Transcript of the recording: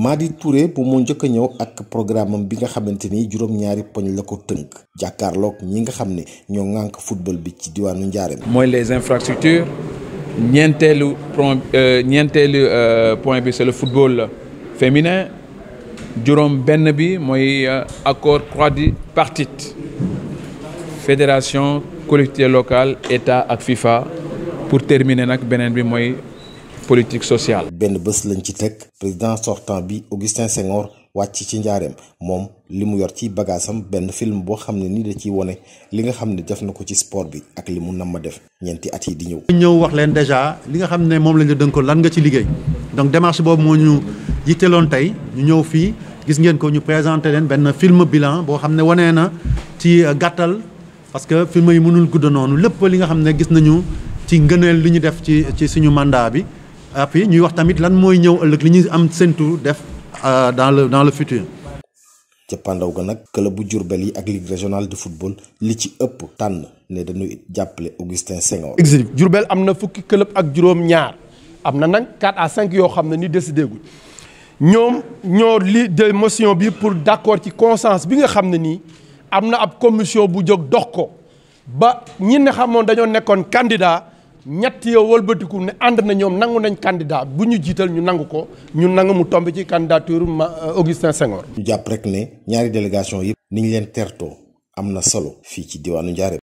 Madi Touré bu mu njëkk a ñëw ak programme am bi nga xamante ni juróom-ñaari poñ la ko tënk jàkkaarloog ñi nga xam ne ñoo ŋànk football bi ci diwaanu Njaareem. mooy les infrastructures ñeenteelu point euh, ñeenteelu euh, point bi c'est le football féminin juróom benn bi mooy euh, accord quadripartite fédération collectivité locale état ak FIFA pour terminer nag beneen bi mooy. politique social benn bés lañ ci teg président sortant bi Augustin Senghor wàcc ci njaareem moom li mu yor ci bagaasam benn film boo xam ne ni da ciy wone li nga xam ne def na ko ci sport bi ak li mu nam ma def ñeenti at yi di ñëw. ñëw wax leen déjà li nga xam ne moom lañ la dënkoon lan nga ci liggéey donc démarche boobu moo ñu yitteeloon tey ñu ñëw fii gis ngeen ko ñu présenté leen benn film bilan boo xam ne wane na ci gàttal parce que film yi mënul gudd noonu lépp li nga xam ne gis nañu ci ngëneel li ñu def ci ci suñu mandat bi. appui ñuy wax tamit lan mooy ñëw ëllëg li ñuy am séntu def euh, dans le dans le futur. cappaandaw ga nag club bu Diourbel yi ak ligue régionale de football li ci ëpp tànn ne dañuy jàppale Augustin Senghor. exil Diourbel am na fukki club ak juróom-ñaar am na nag 4 à 5 yoo xam ne ni décidé guñ ñoom ñoo li de motion bi pour d' ci conscience bi nga xam ne nii am na ab commission bu jóg dox ko ba ñi xamoon dañoo nekkoon candidat ñett yow wëlbatiku ne ànd na ñoom nangu nañ candidat bu ñu jiital ñu nangu ko ñu nangu mu tomb ci candidature euh, Augustin Senghor. ñu jàpp rek ne ñaari délégation yëpp. ni ñu leen tertoo am na solo fii ci diwaanu Ndiarème.